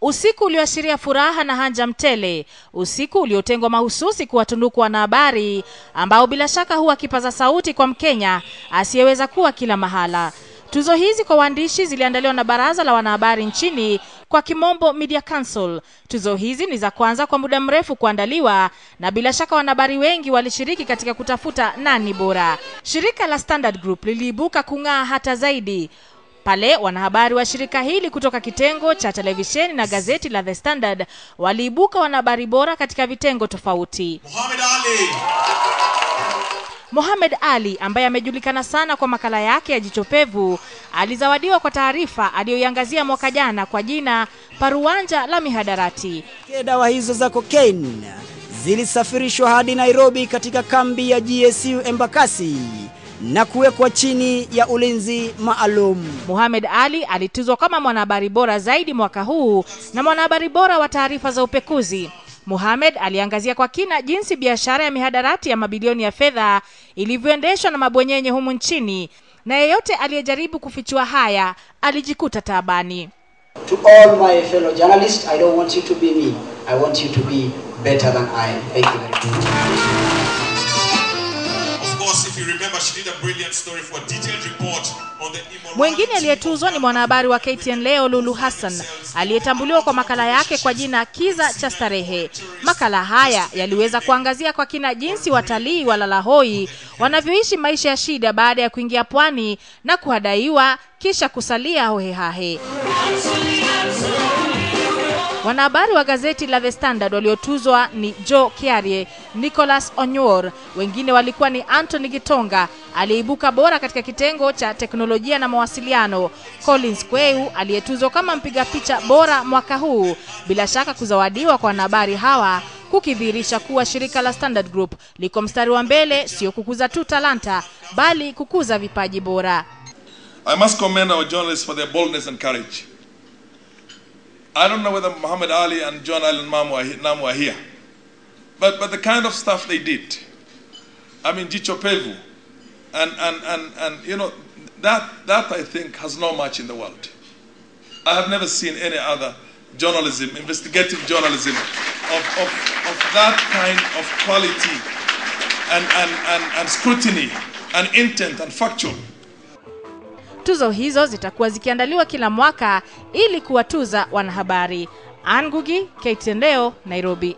Usiku ulioashiria furaha na hanja mtele, usiku uliotengwa mahususi kuwatunduku wanahabari ambao bila shaka huwa kipaza sauti kwa Mkenya asiyeweza kuwa kila mahala. Tuzo hizi kwa waandishi ziliandaliwa na Baraza la Wanahabari nchini kwa kimombo Media Council. Tuzo hizi ni za kwanza kwa muda mrefu kuandaliwa na bila shaka wanahabari wengi walishiriki katika kutafuta nani bora. Shirika la Standard Group liliibuka kung'aa hata zaidi pale wanahabari wa shirika hili kutoka kitengo cha televisheni na gazeti la The Standard waliibuka wanahabari bora katika vitengo tofauti. Muhammad Ali Mohamed Ali ambaye amejulikana sana kwa makala yake ya jichopevu alizawadiwa kwa taarifa aliyoiangazia mwaka jana kwa jina Paruanja la Mihadarati. Dawa hizo za kokaini zilisafirishwa hadi Nairobi katika kambi ya GSU Embakasi na kuwekwa chini ya ulinzi maalum. muhamed Ali alituzwa kama mwanahabari bora zaidi mwaka huu na mwanahabari bora wa taarifa za upekuzi. muhamed aliangazia kwa kina jinsi biashara ya mihadarati ya mabilioni ya fedha ilivyoendeshwa na mabwenyenye humu nchini, na yeyote aliyejaribu kufichua haya alijikuta taabani. To all my fellow journalists, I don't want you to be me. I want you to be better than I. Thank you very much. Mwingine aliyetuzwa ni mwanahabari wa KTN leo Lulu Hassan aliyetambuliwa kwa makala yake kwa jina Kiza cha Starehe. Makala haya yaliweza kuangazia kwa kina jinsi watalii lalahoi wanavyoishi maisha ya shida baada ya kuingia pwani na kuhadaiwa kisha kusalia hohehahe. Wanahabari wa gazeti la The Standard waliotuzwa ni Joe Kiarie, Nicholas Onyor, wengine walikuwa ni Anthony Gitonga aliyeibuka bora katika kitengo cha teknolojia na mawasiliano, Collins Kweu aliyetuzwa kama mpiga picha bora mwaka huu. Bila shaka kuzawadiwa kwa wanahabari hawa kukidhihirisha kuwa shirika la Standard Group liko mstari wa mbele, sio kukuza tu talanta bali kukuza vipaji bora. I must commend our journalists for their boldness and courage. I don't know whether Muhammad Ali and John Allen Mam are here, but, but the kind of stuff they did. I mean, Jicho and, and, and, and you know, that, that I think has no match in the world. I have never seen any other journalism, investigative journalism, of, of, of that kind of quality and, and, and, and scrutiny and intent and factual. Tuzo hizo zitakuwa zikiandaliwa kila mwaka ili kuwatuza wanahabari. Angugi, ktndeo Nairobi.